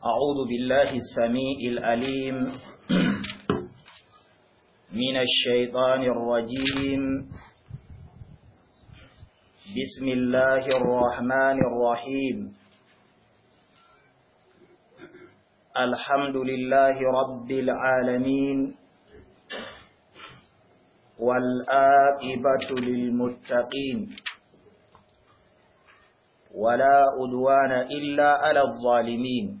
أعوذ بالله السميع الأليم من الشيطان الرجيم بسم الله الرحمن الرحيم الحمد لله رب العالمين والآقبة للمتقين ولا أدوان إلا على الظالمين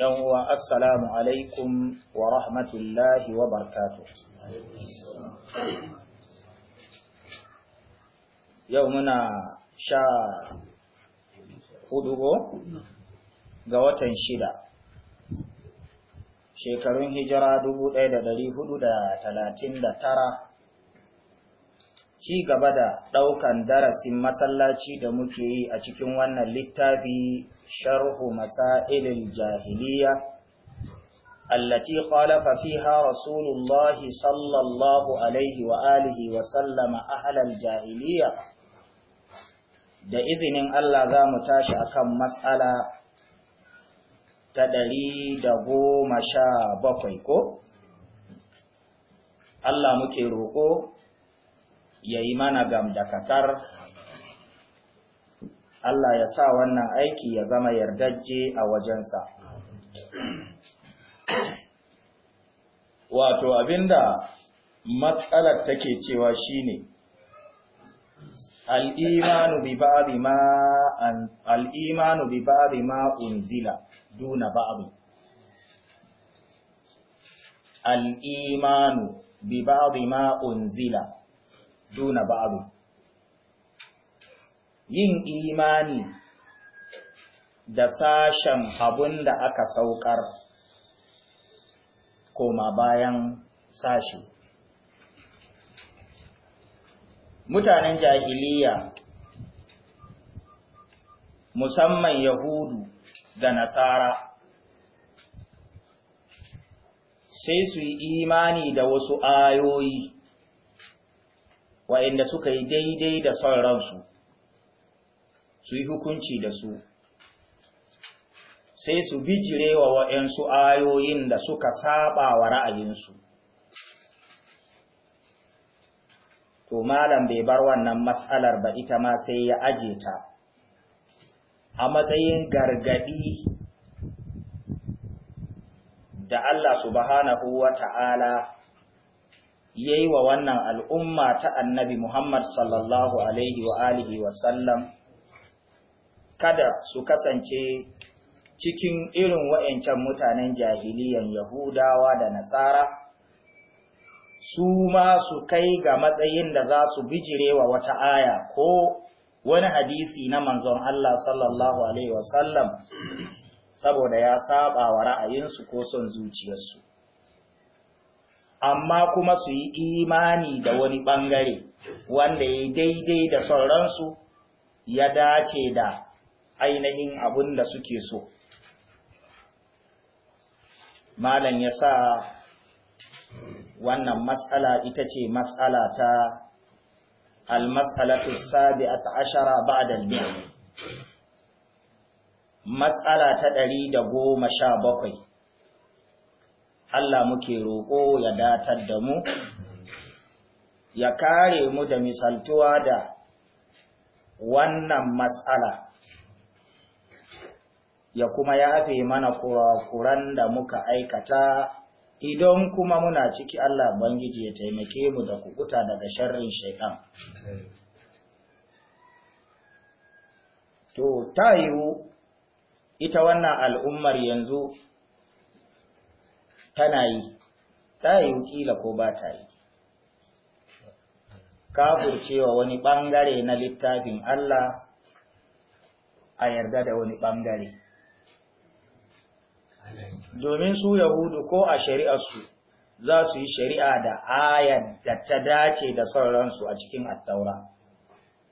yan uwa assalamu alaikum wa rahmatullahi wa barkatu. Yau muna sha hudu ga watan shida. Shekarun hijira dubu ɗaya da ɗari hudu da talatin da tara ci gaba da ɗaukan darasin masallaci da muke yi a cikin wannan littafi sharhu masailil jahiliya allati khalafa fiha rasulullahi sallallahu alaihi wa wa sallama ahlal jahiliya da izinin Allah za mu tashi a kan mas'ala ta ɗari da goma sha bakwai ko? Allah muke roƙo ya yi mana gamdakatar Allah ya sa wannan aiki ya zama yardajje a wajensa. Wato abinda matsalar take cewa shine al'imanu bi ba'abi bi babi ma unzila duna al'imanu bi ma unzila duna babu yin imani da sashen abun da aka saukar koma bayan sashi mutanen jahiliya musamman yahudu da nasara sai su yi imani da wasu ayoyi wa'inda suka yi daidai da son ransu su yi hukunci da su sai su bijire wa wa'yansu ayoyin da suka saba wa ra'ayinsu to malam bai bar wannan matsalar ba ita ma sai ya aje ta a matsayin gargadi da Allah subhanahu wa ta'ala ya yi wa wannan al'umma ta annabi Muhammad sallallahu Alaihi wa alihi kada su kasance cikin irin wa'yancan mutanen jahiliyan Yahudawa da Nasara, su ma su kai ga matsayin da za su bijire wa wata aya ko wani hadisi na manzon Allah sallallahu Alaihi saboda ya saba wa ra'ayinsu ko son zuciyarsu. amma kuma su yi imani da wani ɓangare wanda ya daidai da sauransu ya dace da ainihin abin da suke so. Malam ya sa wannan matsala ita ce matsala ta almas'alatu sabi'at ta'ashara ba'da da mia matsala ta ɗari da goma sha bakwai. Allah muke roƙo ya datar da mu, ya kare mu da misaltuwa da wannan matsala, ya kuma yafe mana kurakuran da muka aikata idan kuma muna ciki Allah Bangiji ya taimake mu da kukuta daga sharrin shaiɗan. To, ta yiwu ita wannan al'ummar yanzu tana yi ta yi wukila ko ba ta yi kafurcewa wani ɓangare na littafin Allah a yarda da wani ɓangare domin su yahudu ko a shari'arsu za su yi shari'a da ayar da ta dace da sauransu a cikin attaura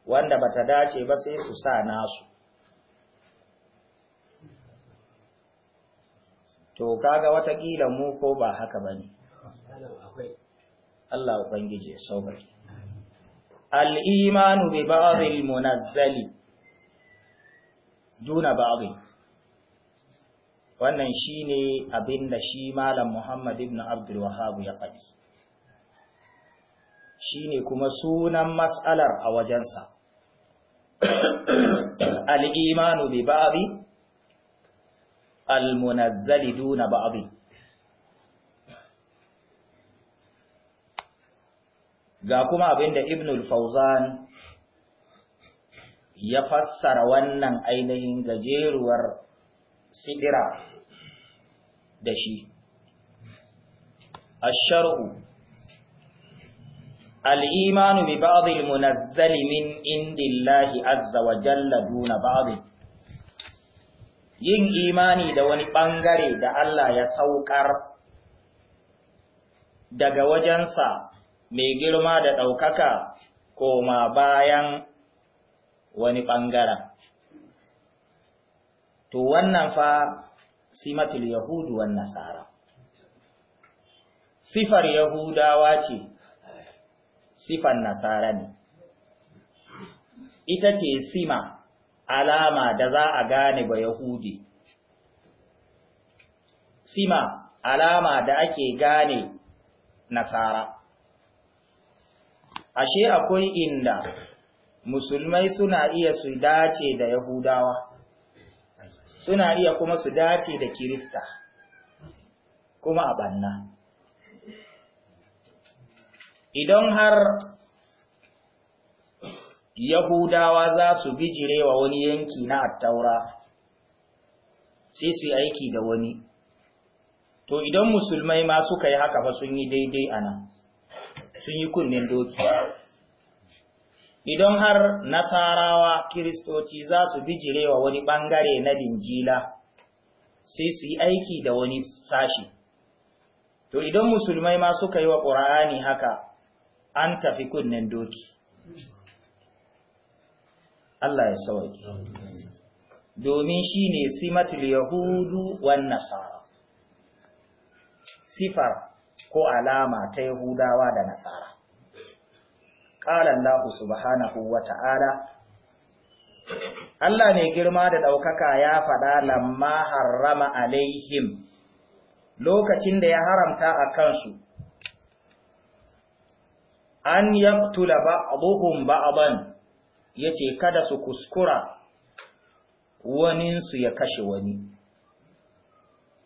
wanda ba ta dace ba sai su sa nasu to kaga watakila mu ko ba haka bane Allah ubangije sauraki al-imanu bi ba'd al-munazzali duna ba'd wannan shine abinda shi malam Muhammad ibn Abdul Wahhab ya faɗi shine kuma sunan mas'alar a wajensa al-imanu bi ba'd almunazzali duna ba'abi ga kuma abinda ibnul fauzan ya fassara wannan ainihin gajeruwar sidira da shi asharu al'imanu bi ba'adil munazzali min indillahi azza wa jalla duna ba'adil yin imani da wani ɓangare da Allah ya saukar daga wajensa mai girma da ɗaukaka koma bayan wani ɓangaren. To wannan fa simatul Yahudu wan Nasara. Sifar Yahudawa ce, sifar Nasara ne. Ita ce sima. alama da za a gane ba Yahudi. Sima alama da ake gane Nasara. Ashe akwai inda musulmai suna iya su dace da Yahudawa, suna iya kuma su dace da Kirista, kuma a banna. Idan har Yahudawa za su bijirewa wani yanki na attaura, sai su yi aiki da wani. To idan musulmai ma suka yi haka fa sun yi daidai ana, sun yi kunnen doki. Idan har nasarawa kiristoci za su bijirewa wani ɓangare na linjila, sai su yi aiki da wani sashi. To idan musulmai ma suka yi wa ƙura'ani haka, an tafi kunnen doki. Allah ya sauke domin shi ne simatul yahudu wan nasara sifar ko alama ta yahudawa da nasara qala Allah subhanahu wa Allah mai girma da ɗaukaka ya faɗa lamma harrama alaihim lokacin da ya haramta a kansu an yaktula ba'dhum ba'dan ya ce kada su kuskura waninsu ya kashe wani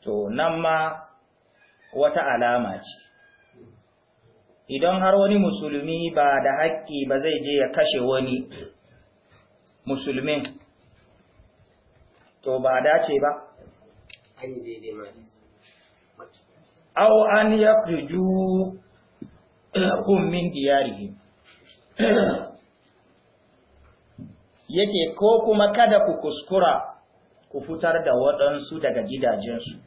to nan ma wata alama ce idan har wani musulmi ba da haƙƙi ba zai je ya kashe wani musulmin to ba dace ba au an ya kuju kun min diyarihim yake ko kuma kada ku kuskura ku fitar da waɗansu daga gidajensu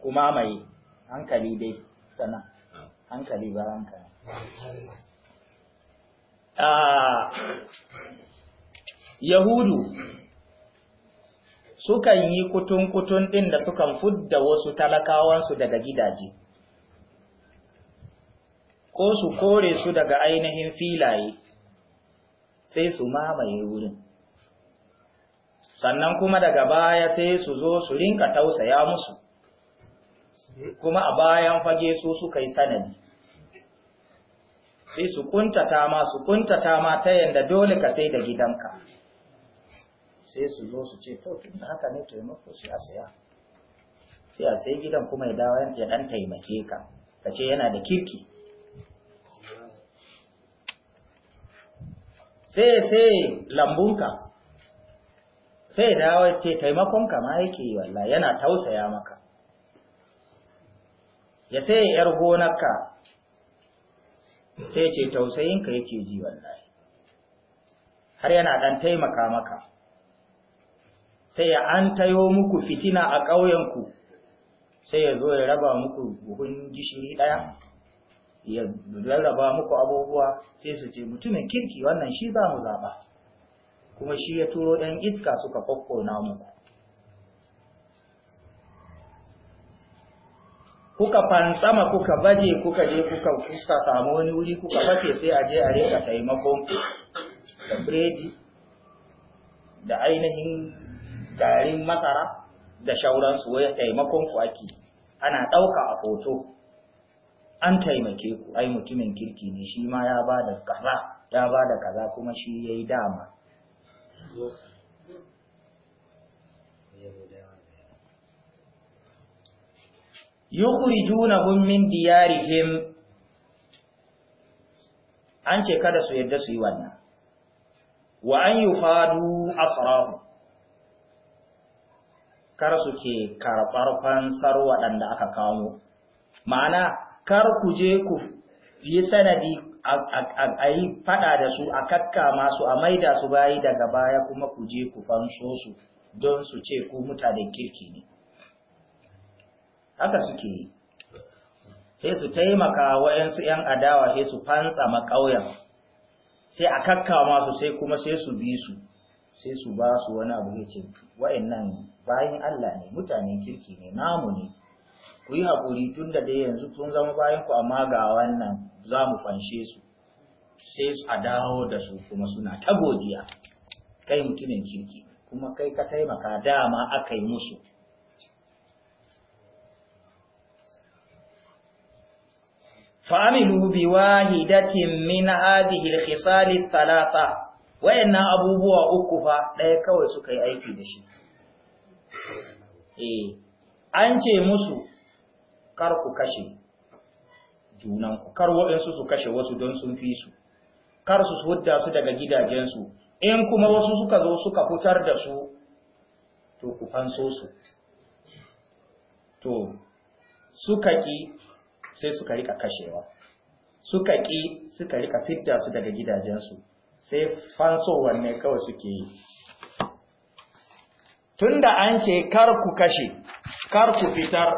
kuma mai hankali dai sana hankali ba hankali ah, yahudu sukan yi kutun-kutun ɗin da sukan fudda wasu talakawansu daga gidaje ko su kore su daga ainihin filaye sai su mamaye wurin sannan kuma daga baya sai su zo su rinka tausaya musu kuma a bayan fage su suka yi sanadi sai su kuntata ma su kuntata ma ta yanda dole ka sai da gidanka sai su zo su ce to tun da haka ne taimako sai a saya sai a sai gidan kuma ya dawo ya dan taimake ka ka ce yana da kirki sai sai lambunka sai dawo ce taimakonka ma yake yi walla yana tausaya maka ya sai yar gonarka sai ce tausayinka yake ji walla har yana dan taimaka maka sai ya an tayo muku fitina a ƙauyenku sai ya zo ya raba muku buhun gishiri ɗaya ya rarraba muku abubuwa sai su ce mutumin kirki wannan shi za mu zaɓa kuma shi ya turo ɗan iska suka kokkona muku kuka fantsama kuka baje kuka je kuka kuka samu wani wuri kuka fafe sai a je a rika taimakon da biredi da ainihin garin masara da shauransu wai taimakon ku ake ana ɗauka a hoto an taimake ku ai mutumin kirki ne shi ma ya ba da kaza ya ba kaza kuma shi ya yi dama yukhrijunahum min diyarihim an ce kada su yarda su yi wannan wa an yuhadu asrahu kar su ke karɓar fansar waɗanda aka kawo ma'ana kar ku je ku yi sanadi a yi fada da su a kakka masu a maida su bayi daga baya kuma ku je ku fanso su don su ce ku mutanen kirki ne haka suke yi sai su taimaka wayansu 'yan adawa sai su fantsa makauyan sai a kakka masu sai kuma sai su bi su sai su ba su wani abu ya ce nan bayan Allah ne mutanen kirki ne namu ne ku yi haƙuri tun da dai yanzu sun zama bayan ku amma ga wannan za mu fanshe su sai su a dawo da su kuma suna ta godiya kai mutumin kirki kuma kai ka taimaka dama aka yi musu fa'amilu bi wahidatin min hadhihi al-khisal thalatha inna abubuwa uku fa ɗaya kawai suka yi aiki da shi eh an ce musu kar ku kashe junanku kar waɗansu su kashe wasu don sun fi su kar su hudda su daga gidajensu in kuma wasu suka zo suka fitar da su to ku fanso su to suka ƙi sai suka rika kashewa suka ƙi suka rika fitta su daga gidajensu sai fansowar ne kawai suke yi tunda an ce kar ku kashe kar ku fitar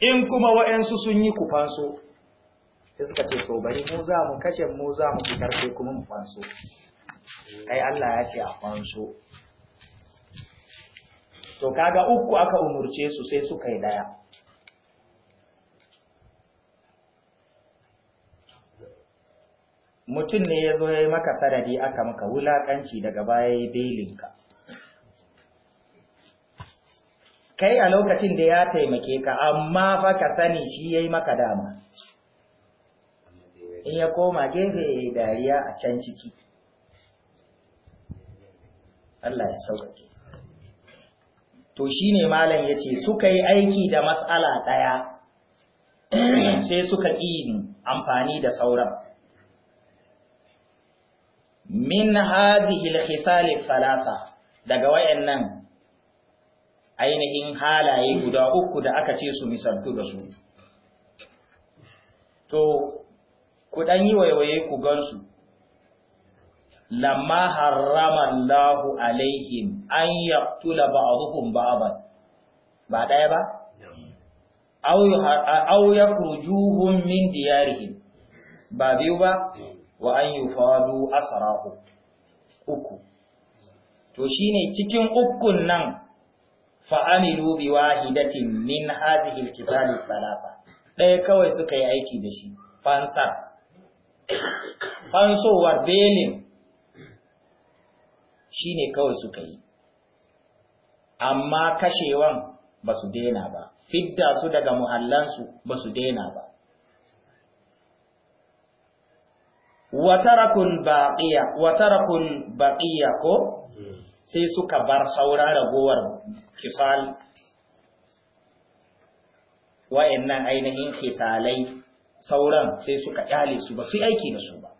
in kuma wa'yansu sun yi ku fanso sai suka ce so bari mu za mu kashe mu za mu fitar sai kuma mu fanso ai Allah ya ce a fanso to kaga uku aka umurce su sai suka yi daya mutum ne ya zo ya yi maka sarari aka maka wulaƙanci daga baya ya yi belinka kai a lokacin da ya taimake ka amma fa ka sani shi yayi maka dama in ya koma gefe yayi dariya a can ciki Allah ya sauƙaƙe to shine malam yace suka yi aiki da mas'ala daya sai suka yi amfani da sauran min hadhihi al al thalatha daga wayannan ainihin halaye guda uku da aka ce su misaltu da su. To, ku ɗan yi waiwaye ku gansu, lamma harrama lahu alaihim an yaktula ba'aduhum ba'aban, ba ɗaya ba? Au kurjuhun min diyarihim, ba biyu ba, wa an yi uku. To shi ne cikin ukun nan fa'amilu bi wahidatin min hadhihi alkitali thalatha ɗaya kawai suka yi aiki da shi fansar fansowar belin shine kawai suka yi amma kashewan ba su dena ba fidda su daga muhallansu ba su dena ba watarakul baqiya baƙiya ko hmm. sai suka bar sauran ragowar kisal wa'annan ainihin kisalai sauran sai suka yale su ba su yi aiki da su ba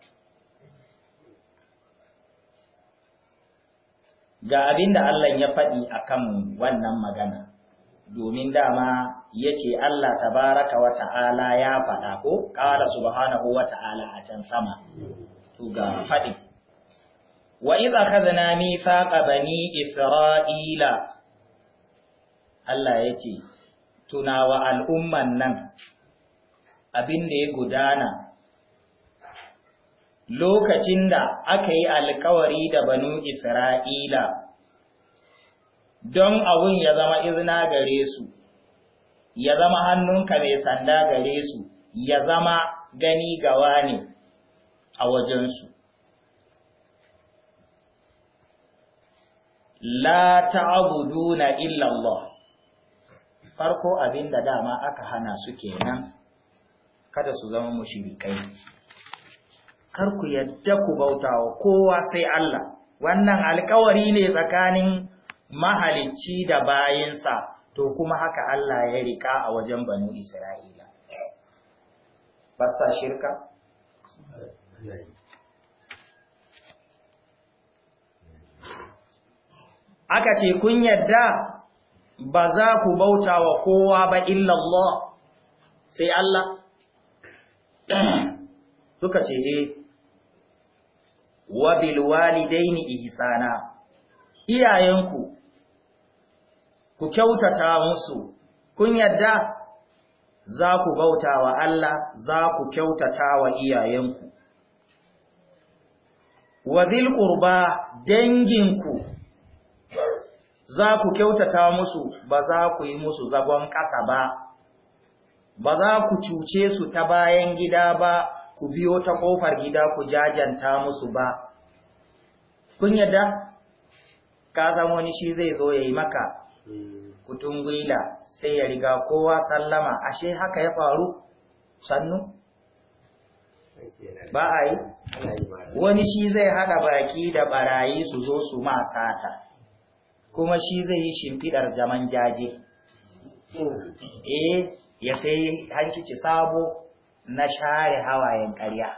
ga abin da Allah ya faɗi a akan wannan magana domin dama yace Allah tabaraka wa ta'ala ya faɗa ko ƙara subhanahu wa ta'ala a can sama to ga faɗin wa idza khadna mithaqa bani isra'ila Allah yace tunawa al'umman nan abin da ya gudana lokacin da aka yi alkawari da banu isra'ila don abun ya zama izina gare su ya zama hannunka mai sanda gare su ya zama gani gawa ne a wajensu la تعبدون illa الله farko abin da dama aka hana su kenan kada su zama mushrikai kar ku yadda ku bautawa kowa sai Allah wannan alkawari ne tsakanin mahalicci da bayinsa to kuma haka Allah ya rika a wajen banu Isra'ila ba sa shirka aka ce kun yadda ba za ku bauta wa kowa ba illallah sai Allah suka ce he eh, wa bil walidaini ihsana iyayenku ku kyautata musu kun yadda za ku bauta wa Allah za ku kyautata wa iyayenku wa zil qurba danginku za ku kyautata musu ba za ku yi musu zagon ƙasa ba, ba za ku cuce su ta bayan gida ba, ku biyo ta ƙofar gida ku jajanta musu ba. Kun yadda? Ka san wani shi zai zo ya yi maka, ku tungwila sai ya riga kowa sallama, ashe haka ya faru, sannu? Ba a yi? Wani shi zai haɗa baki da barayi su zo su ma sata. kuma shi zai yi shimfidar zaman jaje eh ya sai hankici sabo na share hawayen ƙarya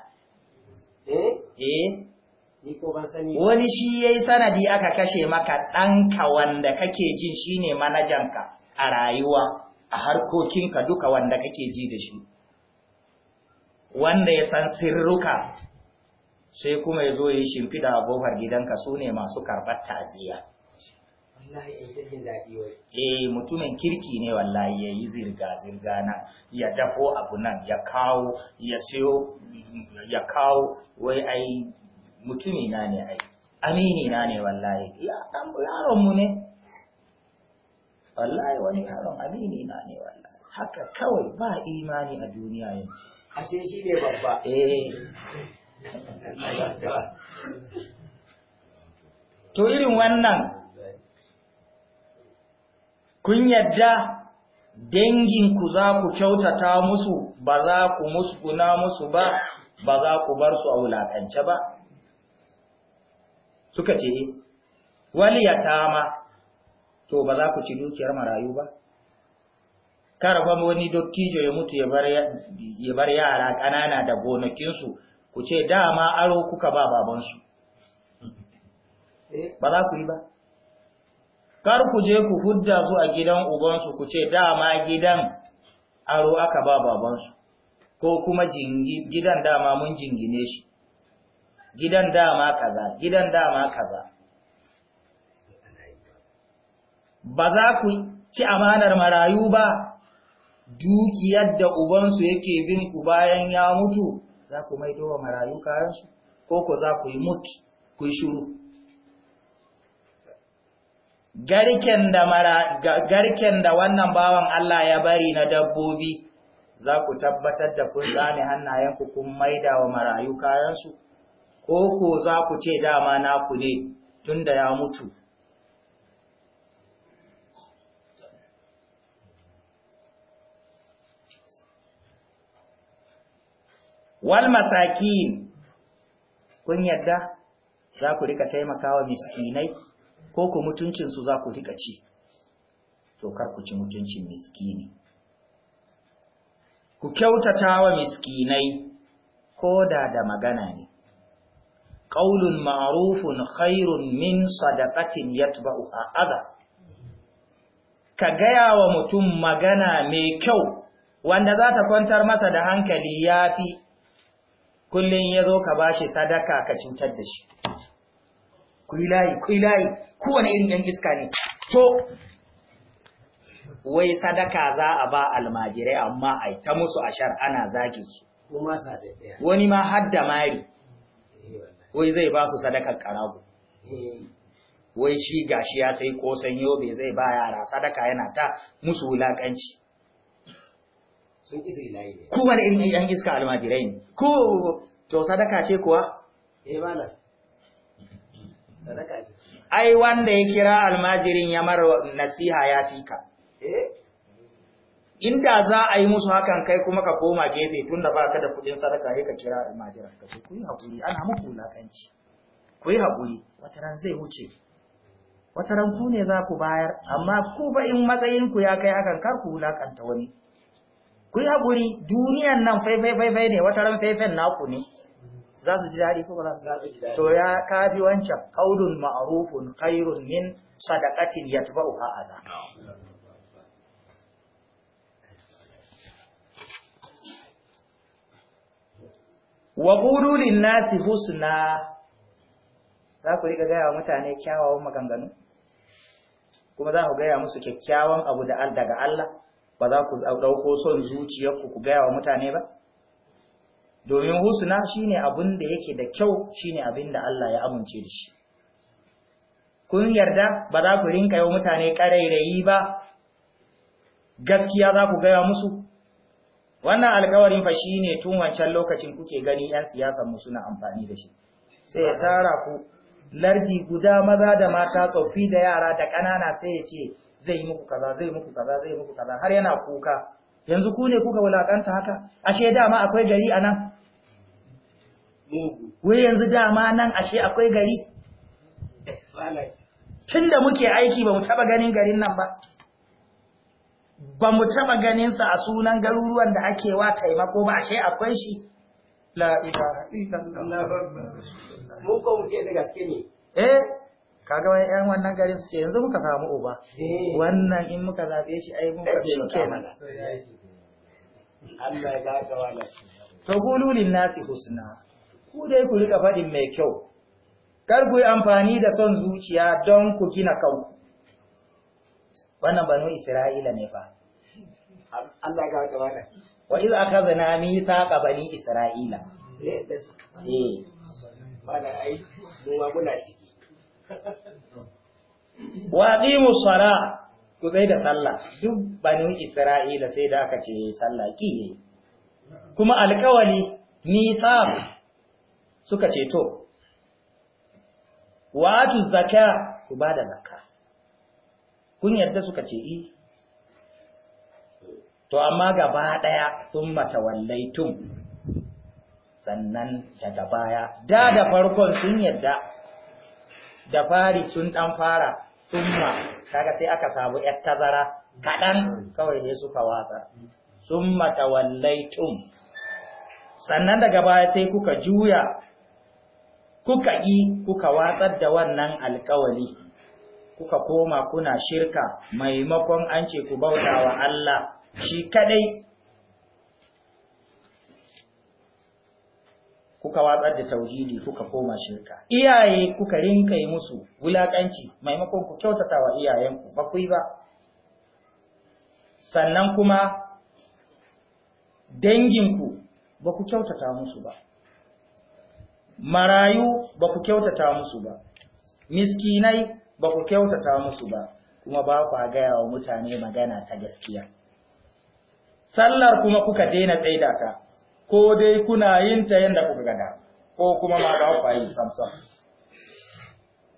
eh, eh. wani shi ya yi sanadi aka kashe maka ɗanka wanda kake jin shine ne manajanka a rayuwa a harkokinka duka wanda kake ji da shi wanda ya san sirruka sai kuma ya zo ya yi shimfida a gofar gidanka sune masu karɓar taziya eh mutumin kirki ne wallahi ya yi zirga-zirga nan ya dafo abu nan ya kawo ya siyo ya kawo wai ai mutumi na ne ai amini na ne wallahi Ya yaron mu ne wallahi wani yaron amini na ne wallahi haka kawai ba imani a duniya yanzu A ce shi ne babba eh to irin wannan kun yadda danginku za ku kyautata musu ba za ku musguna musu ba ba za ku bar su a wulakance ba suka ce eh, wali ya tama to ba za ku ci dukiyar marayu ba karfan wani dokijo ya mutu ya bar yara ƙanana da gonakinsu ku ce dama aro kuka ba babansu eh. ba za ku yi ba kar ku je ku hudda su a gidan ubansu ku ce dama gidan aro aka ba babansu ko kuma gidan dama mun jingine shi gidan dama kaza gidan dama kaza ba za ku ci amanar marayu ba dukiyar da ubansu yake bin ku bayan ya mutu za ku maido wa marayu kayansu ko ku za ku yi mutu ku yi shuru garken da wannan bawan Allah ya bari na dabbobi za ku tabbatar da kun tsane hannayenku kun maida wa marayu kayansu ko ko za ku ce dama naku ne tun da ya mutu wal masakin kun yadda za ku rika wa miskinai ko ku mutuncinsu za ku rika ci to kar ku ci mutuncin miskini ku kyautata wa miskinai ko da da magana ne ƙaulun maarufin khairun min sadaqatin a adha ka gaya wa mutum magana mai kyau wanda za ta kwantar masa da hankali ya fi kullum ya zo ka bashi sadaka ka cutar da shi. Kuilayi, kowane irin yan iska ne to wai sadaka za a ba almajirai amma a ta musu ashar ana zaki. su wani ma hadda mari eh, wai zai ba su sadakar karago eh. wai shi gashi ya sai kosan yobe zai ba yara sadaka yana ta musu wulakanci kuma da irin yan iska almajirai ne ko to sadaka ce kuwa eh, sadaka ce ai wanda ya kira almajirin ya mara nasiha ya fika eh? inda za a yi musu hakan kai kuma ka koma gefe tunda ba ka da kudin sadaka sai ka kira almajiran ka ce ku yi haƙuri ana muku lakanci ku yi haƙuri, wata ran zai wuce wata ran ku ne za ku bayar amma ku ba in matsayin ku ya kai hakan kar ku lakanta wani ku yi haƙuri, duniyan nan faifai faifai ne wata ran na naku ne za su ji daɗi ko ba za su ji daɗi to ya kafi wancan qaulun ma'rufun khairun min sadaqatin yatba'uha adha wa qulu lin nasi husna za ku riga gaya wa mutane kyawawan maganganu kuma za ku gaya musu kyakkyawan abu da daga Allah ba za ku ɗauko son zuciyarku ku gaya wa mutane ba domin husna shine abin da yake da kyau shine abin da Allah ya amince da shi kun yarda ba za ku rinka yau mutane karairayi ba gaskiya za ku gaya musu wannan alkawarin fa shine tun wancan lokacin kuke gani yan siyasa mu suna amfani da shi sai ya tara ku lardi guda maza da mata tsofi da yara da kanana sai ya ce zai yi muku kaza zai muku kaza zai muku kaza har yana kuka yanzu ku ne kuka wulakanta haka ashe dama akwai gari a nan wai yanzu dama nan ashe akwai gari tun da muke aiki ba mu taba ganin garin nan ba ba mu taba ganinsa a sunan garuruwan da ake wa taimako ba ashe akwai shi La mu ko mu ce da gaske ne eh, kaga wani ƴan wannan garin su ce yanzu muka samu uba eh. wannan in muka zabe shi ai mun kafe shi kenan Allah ya ga wala to lin nasi husna ku dai ku rika faɗin mai kyau kar ku yi amfani da son zuciya don ku gina kanku wannan banu isra'ila ne ba. Allah ga gaba da wa iz akhadna mithaqa bani isra'ila eh mu ma muna ku zai da sallah duk banu isra'ila sai da aka ce sallah ki kuma alkawali mithaq suka ce to watu zakka ku ba da zaka kun yarda suka ce i eh. to amma gaba daya sun mata wallaitum sannan daga baya da da farkon sun yarda da fari sun dan fara summa kaga sai aka samu yar tazara kadan kawai ne suka watsa summa tawallaitum sannan daga baya sai kuka juya kuka yi kuka watsar da wannan alkawali kuka koma kuna shirka maimakon an ce ku bauta wa Allah shi kadai kuka watsar da tauhidi kuka koma shirka iyaye kuka rinka yi musu wulakanci maimakon ku kyautata wa iyayenku ba ku yi ba sannan kuma danginku ba ku kyautata musu ba marayu ba ku kyautata musu ba miskinai ba ku kyautata musu ba kuma ba ku gaya wa mutane magana ta gaskiya sallar kuma kuka daina tsaida ta ko dai kuna yin ta yanda kuka gada ko kuma ma ba ku yi samsam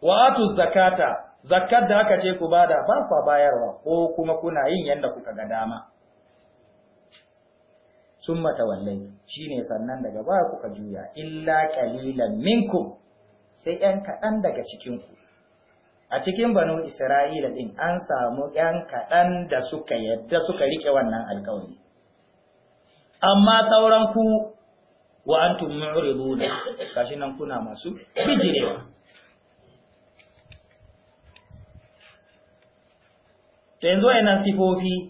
wa atu zakata zakat da aka ce ku bada ba ku bayarwa ko kuma kuna yin yadda kuka ga dama sun mata shi shine sannan daga ba kuka juya illa kalilan minku sai ‘yan kaɗan daga cikinku. A cikin banu Isra'ila ɗin an samu ‘yan kaɗan da suka yadda suka riƙe wannan alƙawari. Amma sauran wa an tumuri runa, kashi nan kuna masu bijirewa. Ta yanzu yanar sifofi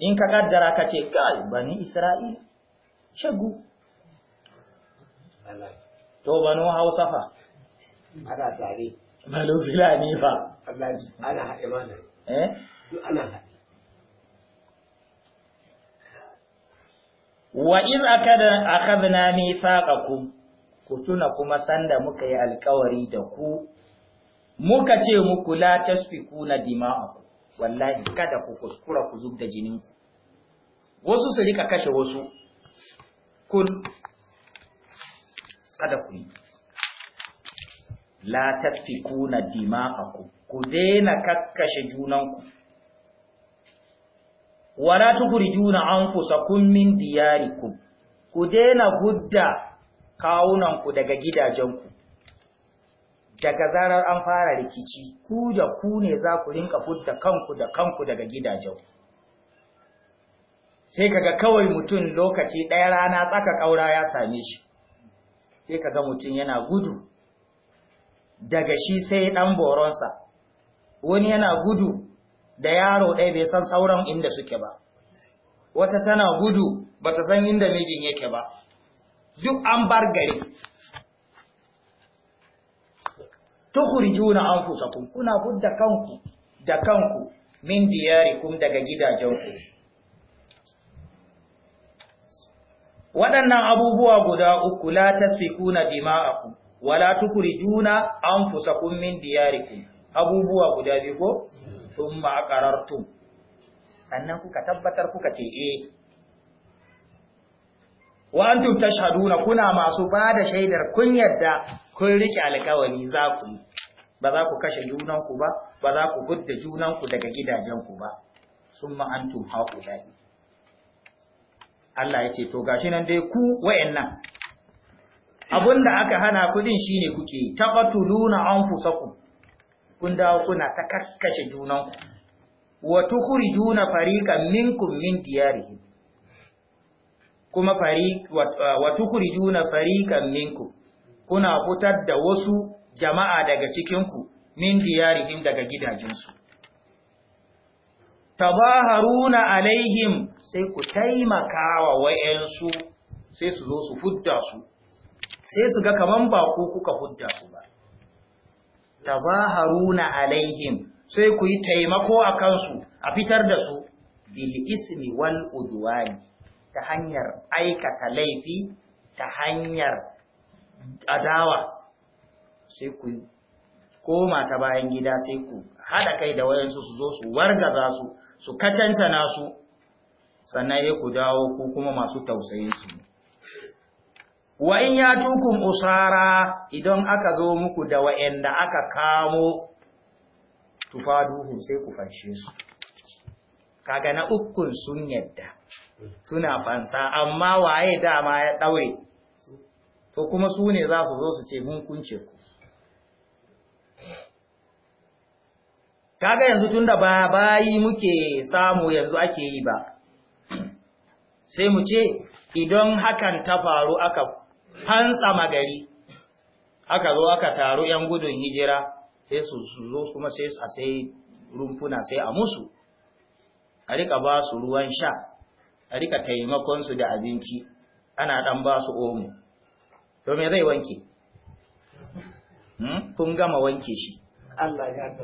in ka kaddara ka ce kai bani isra'il shagu to banu hausa fa ana tare banu filani fa ana haɗe mana eh ana haɗe wa iz akada akhadna mithaqakum ku tuna kuma sanda muka yi alkawari da ku muka ce muku la tasfikuna dima'akum wallahi kada ku kuskura ku zub da jininku wasu su rika kashe wasu kun kada ku yi la tasfikuna dima'akum ku daina kakkashe junanku wala tukhrijuna anfusakum min diyarikum ku daina gudda kawunanku daga gidajenku daga zarar an fara rikici ku da ku ne za ku rinka fudda kanku da kanku daga gidajen sai kaga kawai mutum lokaci ɗaya rana tsaka ƙaura ya same shi sai kaga mutum yana gudu daga shi sai ɗan boronsa wani yana gudu da yaro ɗaya bai san sauran inda suke ba wata tana gudu bata san inda mijin yake ba duk an bar gari tukhrijuna anfusakum kuna budda kanku da kanku min diyarikum daga gidajenku waɗannan abubuwa guda uku la tasfikuna dima'akum wala tukhrijuna anfusakum min diyarikum abubuwa guda biyu ko thumma aqarartum sannan kuka tabbatar kuka ce eh wa antum tashhaduna kuna masu bada shaidar kun yadda kun rike alƙawari za ku ba za ku kashe junanku ba ba za ku gudda junanku daga gidajenku ba summa antum haula'i Allah ya ce to gashi nan dai ku wayannan abinda aka hana kuɗin shine kuke taqatuluna anfusakum kun dawo kuna ta kakkashe junanku wa tukhrijuna fariqan minkum min diyarihim kuma wa juna fariqan minku, kuna fitar da wasu jama'a daga cikinku min diyarihim daga gidajensu tabaharuna alaihim sai ku taimaka wa wayansu sai su zo su fudda su sai su ga kaman ba ku kuka fudda su ba tabaharuna alaihim sai ku yi taimako a kansu a fitar da su bil ismi wal udwani ta hanyar aikata laifi ta hanyar adawa sai ku koma ta bayan gida sai ku haɗa kai da wayansu su zo su wargaza su su kacancana su sannan ya ku dawo ku kuma masu tausayin su wa in ya tukun usara idan aka zo muku da wa'anda aka kamo tufaduhu sai ku fanshe su kaga na ukun sun yadda suna fansa amma waye dama ya daure to kuma su ne za su zo su ce mun kunce ku kaga yanzu tunda ba bayi muke samu yanzu ake yi ba sai mu ce idan hakan ta faru aka fantsa magari aka zo aka taru yan gudun hijira sai su zo kuma sai a sai rumfuna sai a musu a rika ba su ruwan sha a rika taimakonsu da abinci ana ɗan ba su omo to me zai wanke hmm? kun gama wanke shi Allah ya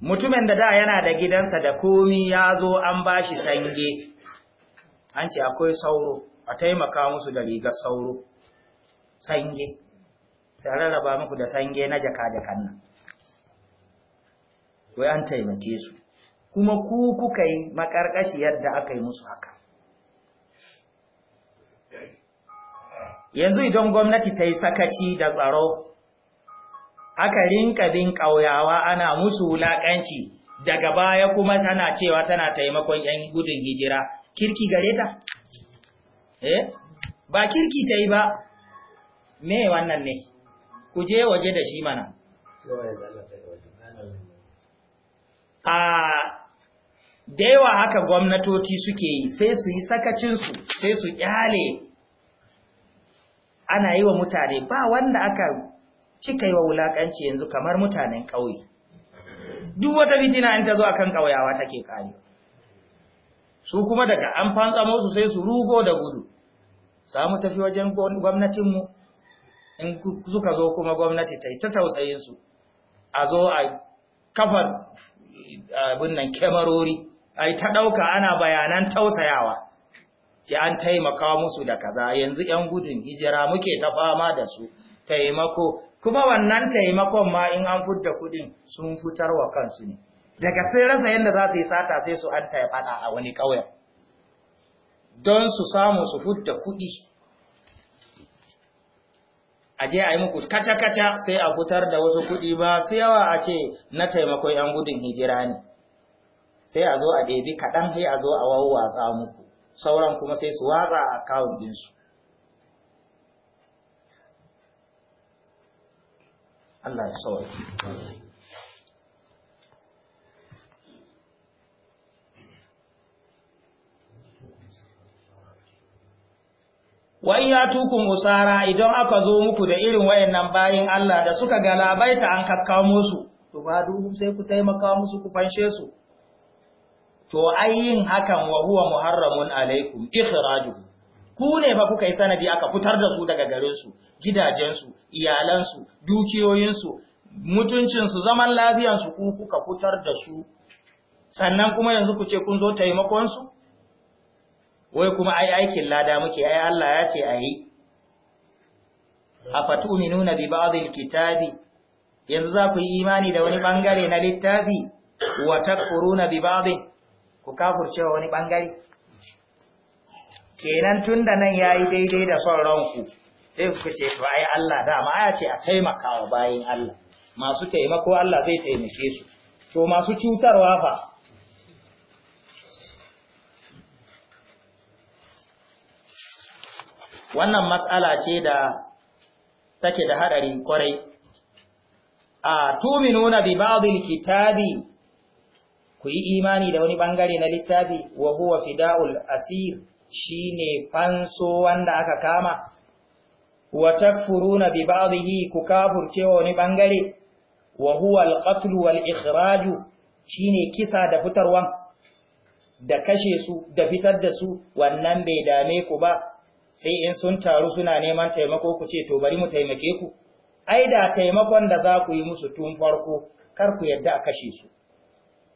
mutumin da da yana da gidansa da komi ya zo an ba shi sange an ce akwai sauro a taimaka musu da rigar sauro sange sai rarraba muku da sange na jaka-jakan nan wai an taimake su kuma ku kuka yi makarkashiyar da aka yi musu haka yanzu idan gwamnati ta yi sakaci da tsaro aka rinka bin ƙauyawa ana musu wulaƙanci daga baya kuma tana cewa tana taimakon 'yan gudun hijira kirki gare ta eh ba kirki ta yi ba me wannan ne ku je waje da shi mana a da yawa haka gwamnatoci suke yi sai su yi sakacinsu sai su kyale ana yi wa mutane ba wanda aka cika yi wa wulakanci yanzu kamar mutanen ƙauye duk wata fitina in ta zo kan ƙauyawa take kare su kuma daga an fantsamo su sai su rugo da gudu samu tafi wajen gwamnatinmu in suka zo kuma gwamnati ta yi ta tausayinsu a zo a kafar abin nan kemarori ai ta ɗauka ana bayanan tausayawa ce an taimaka musu da kaza yanzu 'yan gudun hijira muke ta fama da su taimako kuma wannan taimakon ma in an fudda kudin sun fitar wa kansu ne daga sai rasa yadda za su yi sata sai su an taifada a wani ƙauyen don su samu su fudda kudi a je a yi muku kaca-kaca sai a fitar da wasu kuɗi. ba su yawa a ce na taimakon 'yan gudun hijira ne sai a zo a ɗebi kaɗan sai a zo a wawwatsa muku sauran kuma sai su watsa a akawun ɗinsu Allah ya Wai ya tuku musara idan aka zo muku da irin wayannan bayin Allah da suka galabaita an kakkamo su, to ba duhu sai ku taimaka musu ku fanshe su, to ai yin hakan wa huwa muharramun alaikum ikhraju ku ne fa kuka yi sanadi aka fitar da su daga garin su gidajen su iyalan su dukiyoyin su mutuncin su zaman lafiyan su ku kuka fitar da su sannan kuma yanzu ku ce kun zo taimakon su wai kuma ai aikin lada muke ai Allah ya ce ayi afatuminuna bi ba'dil kitabi yanzu za ku yi imani da wani bangare na littafi wa takfuruna bi ba'din ku kafurcewa wani bangare kenan tun da nan yayi daidai da son ranku sai ku ce to ai Allah dama aya ce a taimakawa bayin Allah masu taimako Allah zai taimake su to masu cutarwa fa wannan matsala ce da take da hadari kwarai a tuminuna bi ba'dil kitabi ku yi imani da wani bangare na littafi wa huwa fida'ul asir shine fanso wanda aka kama wa takfuruna bi ba'dihi ku kafurcewa wani bangare wa huwa al-qatl wal ikhraj shine kisa da fitarwan da kashe su da fitar da su wannan bai dame ku ba sai in sun taru suna neman taimako ku ce to bari mu taimake ku ai da taimakon da za ku yi musu tun farko kar ku yadda a kashe su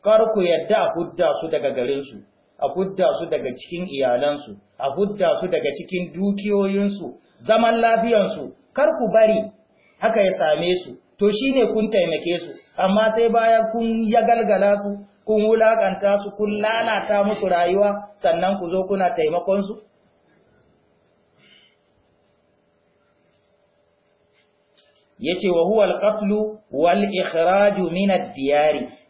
kar ku yadda a fudda su daga garinsu a fudda su daga cikin iyalansu a fudda su daga cikin dukiyoyinsu zaman lafiyansu kar ku bari haka ya same su to shine kun taimake su amma sai bayan kun ya galgala su kun wulakanta su kun lalata musu rayuwa sannan ku zo kuna taimakon su yace wa huwa al wal ikhraju min diyari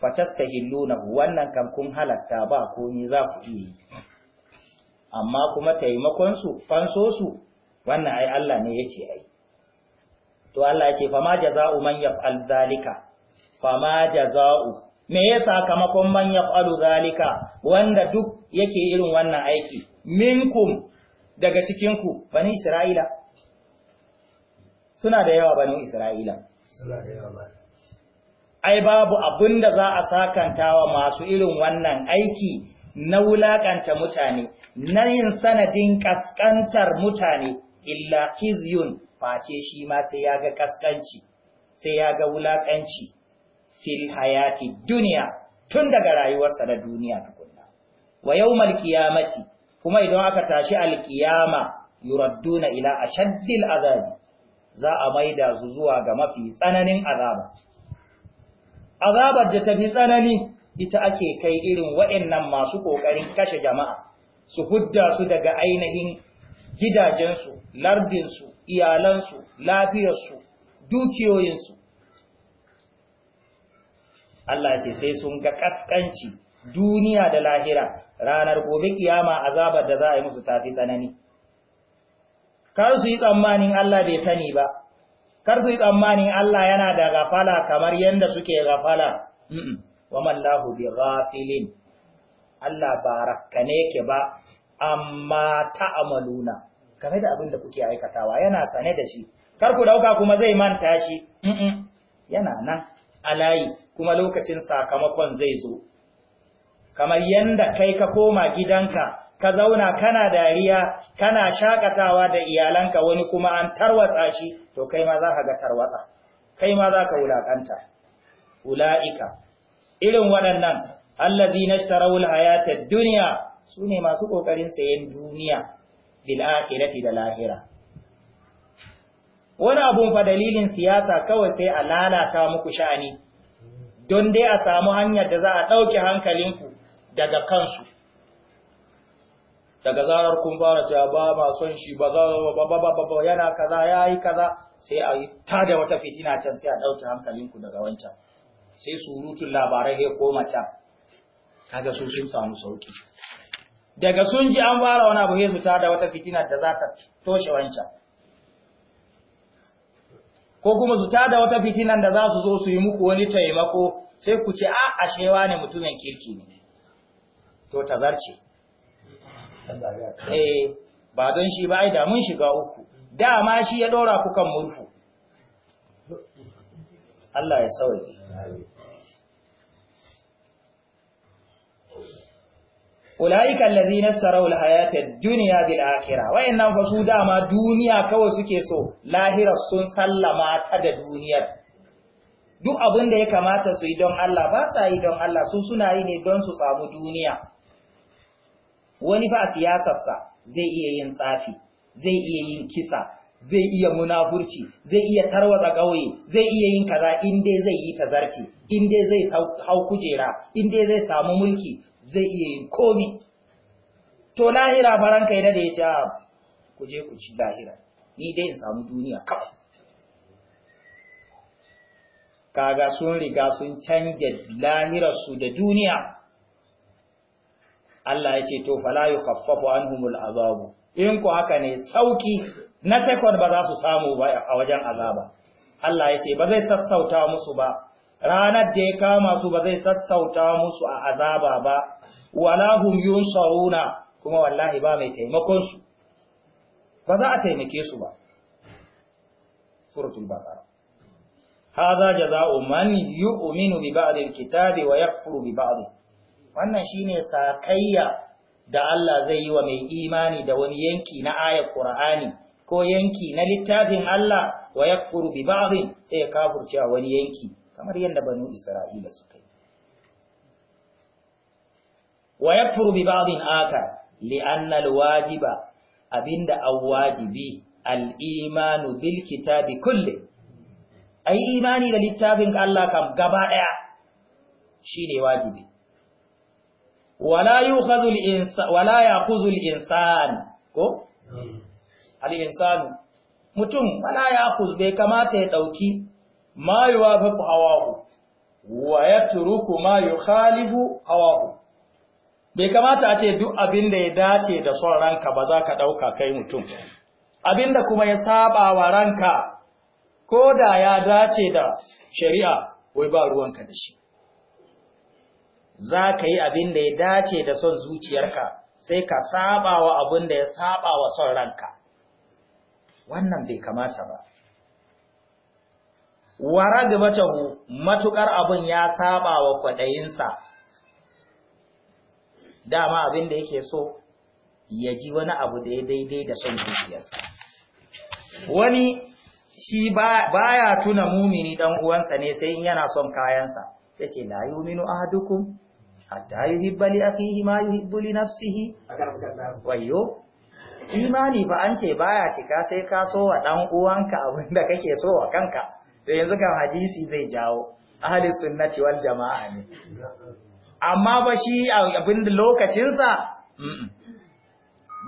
fatastahillunahu wannan kam kun halatta ba komi za ku yi amma kuma taimakon su fanso su wannan ai Allah ne yace ai to Allah yace fama jaza'u man yaf'al zalika fama jaza'u me ya sakamakon man yaf'alu zalika wanda duk yake irin wannan aiki minkum daga cikin ku bani Isra'ila suna da yawa bani Isra'ila suna da yawa ai babu abin da za a sakanta wa masu irin wannan aiki na wulakanta mutane, na yin sanadin kaskantar mutane, illa kizyun face shi ma sai ya ga kaskanci, sai ya ga wulakanci fil hayati duniya tun daga rayuwarsa na duniya tukunna. Wa yau malkiyamati, kuma idan aka tashi alkiyama yuradduna ila a shaddil azabi, za a maida su zuwa ga mafi tsananin azaba. azabar da ta fi tsanani ita ake kai irin wa'annan masu ƙoƙarin kashe jama'a su hudda su daga ainihin gidajensu lardinsu iyalansu lafiyarsu dukiyoyinsu Allah ce sai sun ga ƙasƙanci duniya da lahira ranar gobe kiyama azabar da za a yi musu tafi tsanani kar su yi tsammanin Allah bai sani ba kar su yi tsammani Allah yana da gafala kamar yadda suke gafala wa mallahu bi ghafilin Allah rakkane ke ba amma ta'amaluna game da abin da kuke aikatawa yana sane da shi kar ku dauka kuma zai manta shi yana nan alayi kuma lokacin sakamakon zai zo kamar yanda kai ka koma gidanka ka zauna kana dariya kana shakatawa da iyalanka wani kuma an tarwatsa shi to kai ma za ka ga tarwatsa kai ma za ka wulakanta ula'ika irin waɗannan allazi na shtarawul hayatar duniya su ne masu ƙoƙarin sayen duniya bil'akirati da lahira wani abun fa dalilin siyasa kawai sai a lalata muku sha'ani don dai a samu hanyar da za a ɗauke hankalinku daga kansu daga zarar kun fara cewa ba ma son shi ba za ba ba ba ba yana kaza yayi kaza sai a ta da wata fitina can sai a dauke hankalin ku daga wancan sai surutun labarai he koma can kaga su sun samu sauki daga sun ji an fara wani abu he su ta da wata fitina da za ta toshe wancan ko kuma su ta da wata fitina da za su zo su yi muku wani taimako sai ku ce a ah, ashewa ne mutumin kirki ne to tazarce eh ba don shi ba ai da mun shiga uku dama shi ya dora ku kan murhu Allah ya sauke ulaika allazina sarawul ad dunya bil akhirah wayannan fa su dama duniya kawai suke so lahirar sun sallama ta da duniyar duk abin da ya kamata su yi don Allah ba sa yi don Allah su suna yi ne don su samu duniya wani ba siyasarsa zai iya yin tsafi zai iya yin kisa zai iya munafurci zai iya tarwatsa ƙauye zai iya yin kaza in dai zai yi tazarci in dai zai hau kujera in dai zai samu mulki zai iya yin komi to lahira faranka kai da ya ce ah, ku je ku ci lahira ni dai in samu duniya kawai kaga sun riga sun canja lahirarsu da duniya Allah ya ce to fala an anhumul azabu in ku haka ne sauki na second ba za su samu ba a wajen azaba Allah ya ce ba zai sassauta musu ba ranar da ya kama su ba zai sassauta musu a azaba ba wala hum yunsaruna kuma wallahi ba mai taimakon su ba za a taimake su ba suratul baqara hadha jazaa'u man yu'minu bi ba'd kitabi wa yakfuru bi ba'd wannan shine sakayya da Allah zai yi wa mai imani da wani yanki na ayar Qur'ani ko yanki na littafin Allah wa yakfuru bi ba'dhin sai ya kafurce wani yanki kamar yadda banu Isra'ila suka yi wa yakfuru bi ba'dhin li'anna al-wajiba abinda awajibi al-imanu bil kitabi kulli ai imani da littafin Allah kam gaba daya shine wajibi wala ya al-insan ko mutum wala ya'khudh bai kamata ya ɗauki ma yuwafiqu hawahu wa yatruku ma yukhalifu hawahu bai kamata a ce duk abin da ya dace da son ranka ba za ka ɗauka kai mutum abin da kuma ya saba wa ranka ko da ya dace da shari'a wai ba ruwanka da shi za ka yi abin da ya dace da son zuciyarka sai ka saba wa abin da ya saba wa son ranka wannan bai kamata ba wara gabatahu matukar abin ya saba wa kwadayinsa dama abin da yake so ya ji wani abu da ya daidai da son zuciyarsa wani shi baya tuna mumini dan uwansa ne sai in yana son kayansa sai ce la yuminu ahadukum hatta yuhibba li akhihi ma yuhibbu li nafsihi wayyo imani fa an ce baya cika sai ka so wa dan uwanka abinda kake so wa kanka to yanzu kan hadisi zai jawo ahli sunnati wal jama'a ne amma ba shi abinda lokacinsa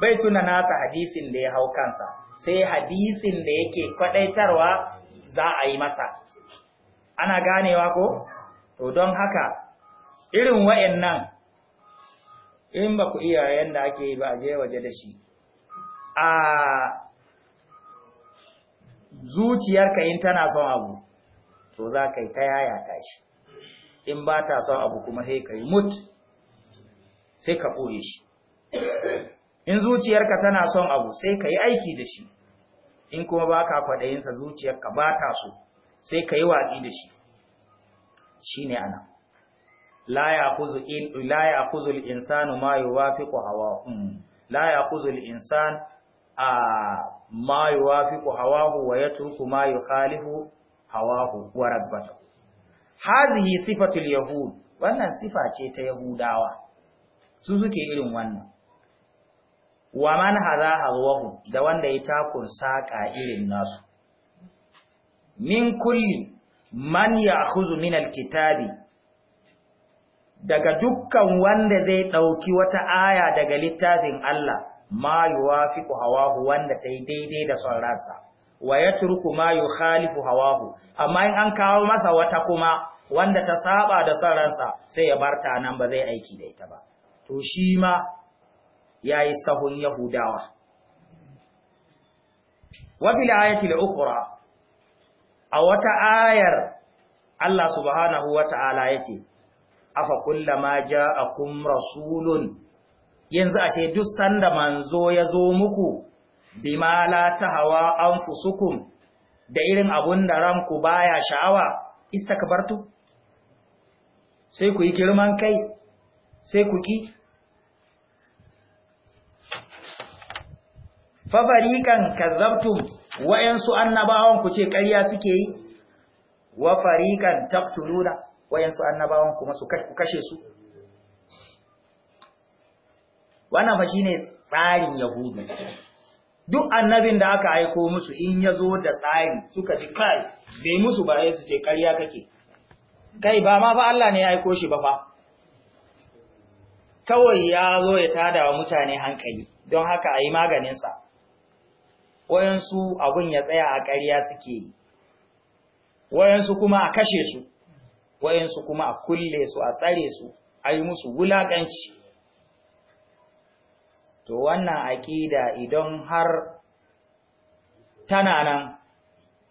bai tuna nasa hadisin da ya hau kansa sai hadisin da yake kwadaitarwa za a yi masa ana ganewa ko to don haka irin nan, in ba ku iya yadda ake yi ba a je waje da shi a zuciyarka in tana son abu to za ka yi ta yayata shi in ba ta son abu kuma sai ka yi mut sai ka ɓoye shi in zuciyarka tana son abu sai ka yi aiki da shi in kuma ba ka kwaɗayinsa zuciyarka ba ta so sai ka yi waƙi da shi shi ne ana la ya'khudhu in la ya'khudhu al-insanu ma yuwafiqu hawahu mm. la ya'khudhu al-insan ma yuwafiqu hawahu wa yatruku sifatul yahud wannan sifa ce ta yahudawa su suke irin wannan wa man hadha hawahu da wanda ya takun saka irin nasu min kulli man ya'khudhu min alkitabi daga dukkan wanda zai ɗauki wata aya daga littafin Allah ma yuwafiqu hawahu wanda ta yi daidai da son ransa wa yatruku ma yukhalifu hawahu amma in an kawo masa wata kuma wanda ta saba da son ransa sai ya barta nan ba zai aiki da ita ba to shi ma yayi sahun yahudawa wa fil ayati al a wata ayar Allah subhanahu wa ta'ala yake afa kullama ja'akum rasulun yanzu ashe duk sanda manzo ya zo muku ta la tahawa fusukun, da irin abun da ranku baya sha'awa istakbartu sai ku yi girman kai sai ku ki fafarikan kazzabtum wa'yansu annabawan ku ce ƙarya suke yi wa farikan taqtuluna wayansu annabawan kuma su kashe su wannan fa shine tsarin yahudu duk annabin da aka aiko musu in yazo da tsari suka ji kai bai musu ba su ce karya kake kai ba ma fa Allah ne ya aiko shi ba fa kawai ya zo ya tada wa mutane hankali don haka a yi maganinsa wayansu abun ya tsaya a ƙarya suke yi wayansu kuma a kashe su wayansu kuma a kulle su a tsare su a yi musu wulaƙanci to wannan aƙida idan har tana nan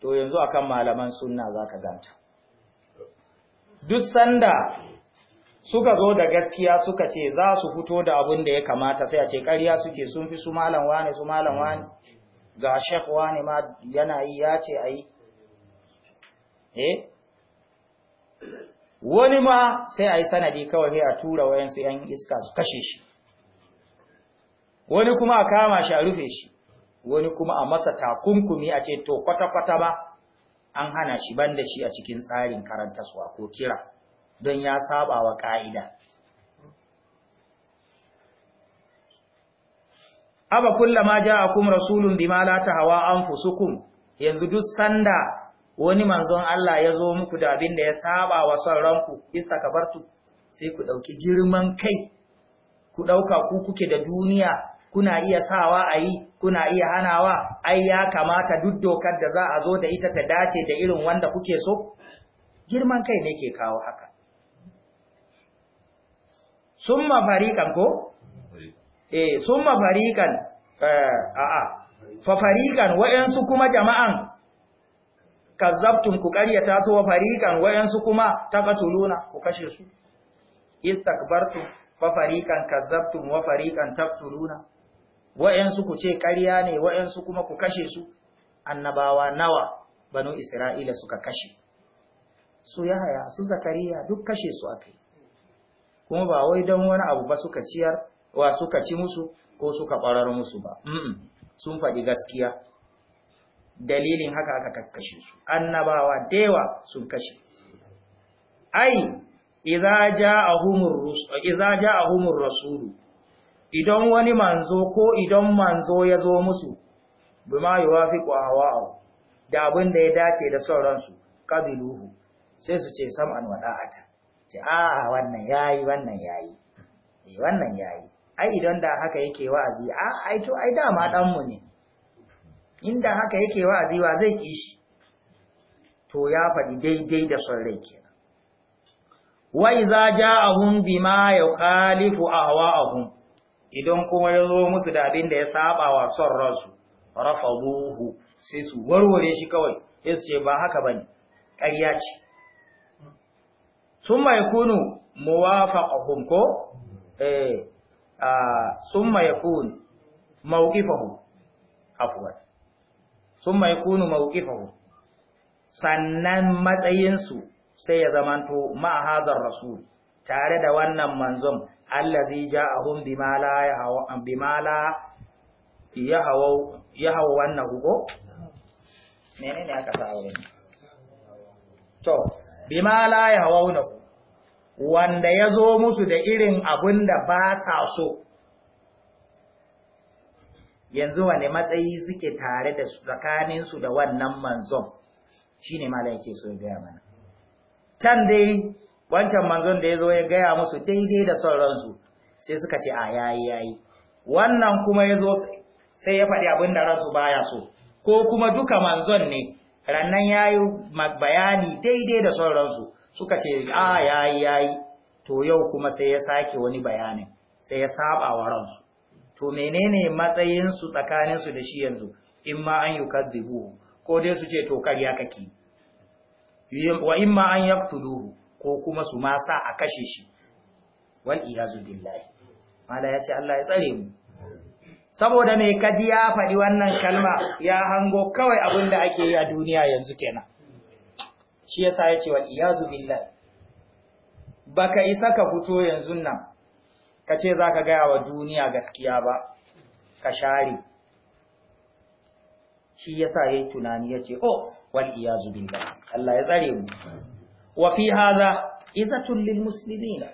to yanzu akan malaman sunna za ka ganta duk sanda suka zo da gaskiya suka ce za su fito da abin da ya kamata sai a ce ƙarya suke sun fi su malam wane su malam wane ga shekwa ne ma yana yi ya ce a yi eh? wani ma sai a yi sanadi kawai sai a tura wayansu ‘yan iska su kashe shi wani kuma a kama shi a rufe shi wani kuma a masa takunkumi a ce to kwata-kwata ba an hana shi banda shi a cikin tsarin karantaswa ko kira don ya saba wa ƙa'ida aba kullama ja'akum rasulun bima la tahawa anfusukum yanzu duk sanda wani manzon Allah ya zo muku da abin da ya saba wa son ranku isa kabartu sai ku ɗauki girman kai ku ɗauka ku kuke da duniya kuna iya sawa a yi kuna iya hanawa ai ya kamata duk dokar da za a zo da ita ta dace da irin wanda kuke so girman kai ne ke kawo haka summa farikan ko eh summa fariqan eh, a fa wa'yansu kuma jama'an kazzabtum ku karya su wa fariqan wayansu kuma taqtuluna ku kashe su istakbartum fa fariqan kazzabtum wa fariqan taqtuluna wayansu ku ce ƙarya ne wayansu kuma ku kashe su annabawa nawa banu isra'ila suka kashe su yahaya su zakariya duk kashe su akai kuma ba wai don wani abu ba suka ciyar wa suka ci musu ko suka barar musu ba mm sun faɗi gaskiya dalilin haka aka kakkashe su annabawa dewa sun kashe ai idza ja'ahumur rusul idza ja'ahumur rasul idan wani manzo ko idan manzo ya zo musu bima yuwafiqu hawa'u da abin da ya dace da sauransu kabiluhu sai su ce sam'an wada'ata ce a ah, wannan yayi wannan yayi eh wannan yayi ai idan da haka yake wa'azi a ah, ai to ai dama dan mu ne inda haka yake wa wa zai kishi, shi to ya faɗi daidai da son rai ke wai za ja'ahum bima yukhalifu ahwa'ahum idan kuma ya zo musu da abin da ya saba wa son ransu rafaduhu sai su warware shi kawai sai su ce ba haka bane ƙarya ce Sun summa a muwafaqahum ko eh kunu ah, yakun mawqifahum afwan sun mai kunu mawukifahu sannan matsayinsu sai ya zamanto ma'ahazar rasul tare da wannan manzon allazi ja'ahum bima la yahawa bima la yahawa wannan hugo menene aka sa wurin to bima la yahawuna wanda yazo musu da irin abinda ba sa so yanzu wane matsayi suke tare da tsakaninsu da wannan manzon shi ne mala yake so gaya mana can dai wancan manzon da ya zo ya gaya musu daidai da son ransu sai suka ce a yayi yayi wannan kuma ya zo sai ya faɗi abin da ransu baya so ko kuma duka manzon ne rannan ya yi bayani daidai da son ransu suka ce a yayi yayi to yau kuma sai ya sake wani bayanin sai ya saba wa ransu to menene matsayin su tsakanin su da shi yanzu in ma an yukadibu ko dai su ce to karya kake wa in ma an yaqtuluhu ko kuma su ma sa a kashe shi wal iyazu billahi mala yace Allah ya tsare mu saboda me kaji ya faɗi wannan kalma ya hango kawai abinda ake yi a duniya yanzu kenan shi yasa ya ce wal iyazu billahi baka isa ka fito yanzu nan ka ce za ka gaya wa duniya gaskiya ba ka share shi ya sa ya tunani ya ce oh wal iyazu billah Allah ya tsare mu wa fi haza izatun lil muslimina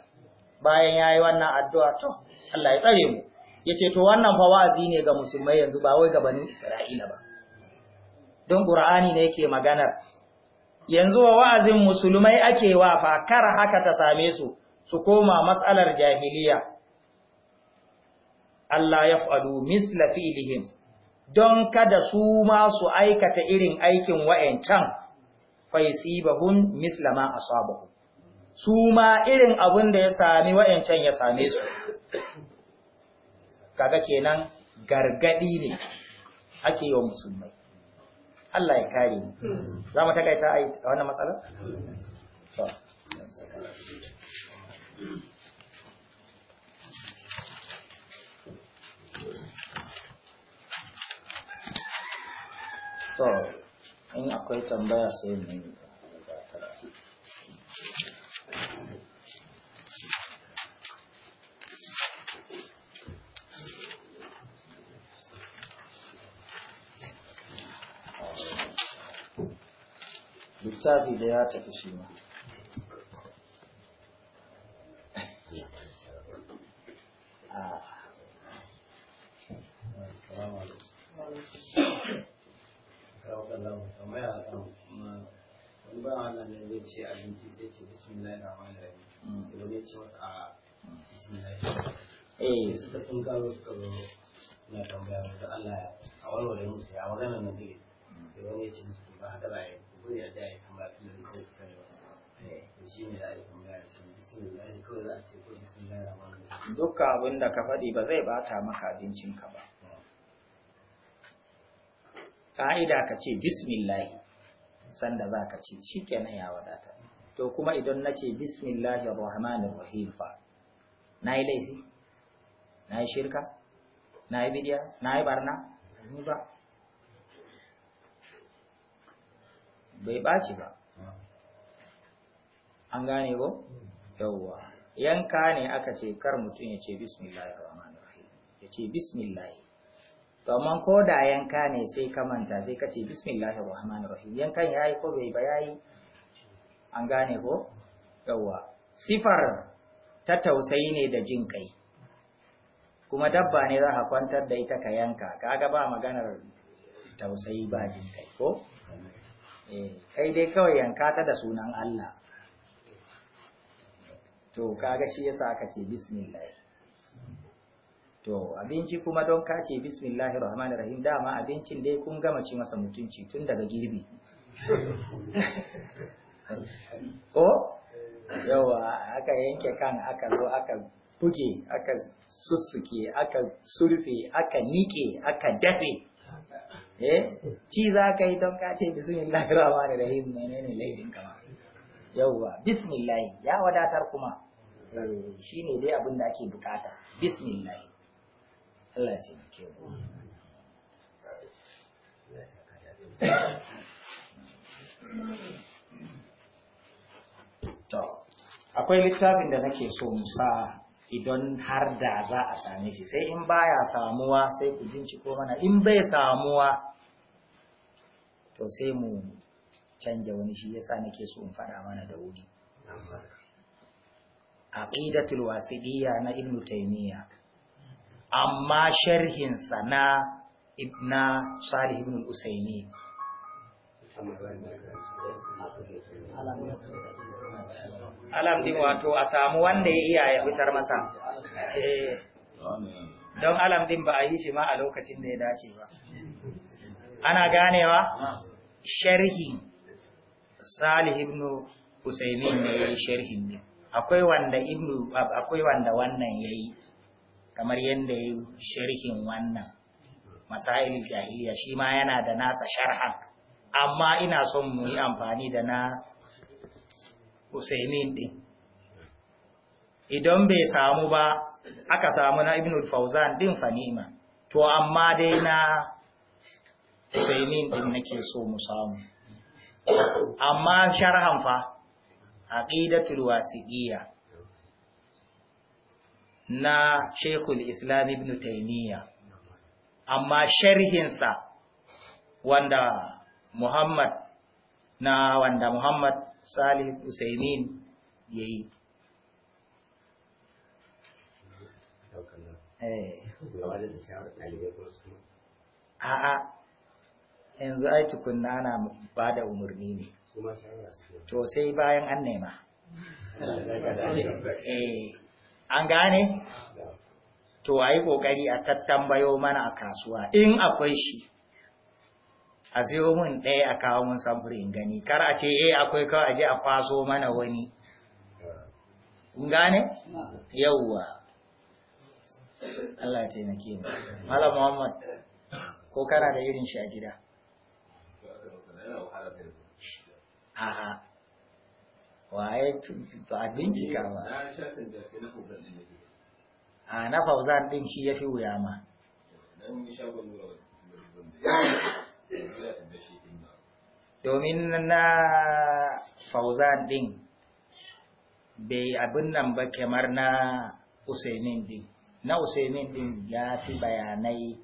bayan yayi wannan addu'a to Allah ya tsare mu yace to wannan fa wa'azi ne ga musulmai yanzu ba wai ga banu Isra'ila ba don Qur'ani ne yake maganar yanzu wa wa'azin musulmai ake wa fa kar haka ta same su su koma matsalar jahiliya Allah ya faɗo misla filihim don kada su ma su aikata irin aikin wa'yancan faisibahun misla ma asabahu su ma irin abun da ya sami wa'yancan ya same su kaga kenan gargadi ne ake yi wa musulmai Allah ya kare mu za mu takaita a wannan matsalar? to in akwai tambaya sai mu yi littafi da ya tafi shi ma ci abinci sai ce bismillah mm. wani ce a bismillah eh suka tun gano suka zo na tambaya da Allah a musu mm. ya dai wani ce musu ba haka ba ya ya ya tambaya ko sai ba eh. shi ne da ya tambaya shi bismillah za a ce ko bismillah dukkan abin da ka faɗi ba zai bata maka abincin ka ba mm. ka'ida ka ce bismillah sanda za ka ci shi kenan ya wadata to kuma idan na ce bismillahi rahmanir rahim fa na yi laifi na yi shirka na yi bidiya na yi barna ni ba bai ɓaci ba an gane ko yauwa yanka ne aka ce kar mutum ya ce bismillahi rahmanir rahim ya ce bismillahi domin ko da yanka ne sai ka manta sai ka ce bismillahir rahmanir rahim yankan yayi ko bai ba yayi an gane ko yawa sifar ta tausayi ne da jin kai kuma dabba ne za ka kwantar da ita ka yanka kaga ba maganar tausayi ba jin kai ko eh kai dai kawai yanka ta da sunan Allah to kaga shi yasa aka ce bismillah to abinci kuma don kace bismillahir rahmanir rahim dama abincin dai kun gama ci masa mutunci tun daga girbi ko yawa aka yanke kan aka zo aka buge aka sussuke aka surfe aka nike aka dafe eh ci za ka yi don kace bismillahir rahmanir rahim menene laifin kama yawa bismillah ya wadatar kuma shine dai abin da ake bukata bismillah Allah ce da ke akwai littafin da nake so musa idan har da za a same shi sai in baya samuwa sai ku ko mana in bai samuwa to sai mu canja wani shi yasa nake so in faɗa mana da wuri aqidatul wasidiyya na Ibn Taymiyyah amma sharhinsa na ibna salih ibn usaini alam din wato a samu wanda ya iya ya fitar masa eh. don alam din ba a yi shi ma a lokacin da ya dace ba ana ganewa sharhi salih ibn Usaini ne ya yi sharhin ne akwai wanda wannan ya yi kamar yadda ya yi sharhin wannan masail jahiliya shi ma yana da nasa sharha, amma ina son mu yi amfani da na Usaimin din idan bai samu ba aka samu na Ibn al-Fauzan din fanima to amma dai na Usaimin din nake so mu samu amma sharhan fa aqidatul wasiqiyya na Sheikhul Islam Ibn Taymiyyah amma sharhinsa wanda Muhammad na wanda Muhammad Salih Usaimin yayi eh. a'a yanzu ai tukunna ana bada da umarni ne to sai bayan an nema eh an gane to a yi ƙoƙari a tattambayo mana a kasuwa in akwai shi a ziyo mun ɗaya a kawo mun samfurin in gani kar a ce eh akwai kawai aje a kwaso mana wani in gane yauwa Allah ya taimake mu Malam Muhammad ko kana da irin shi a gida a'a waye a bincika ba eh, a na fauzan din shi ya fi wuya ma domin na fauzan din bai abin nan ba kamar na usaimin din na usaimin din ya fi bayanai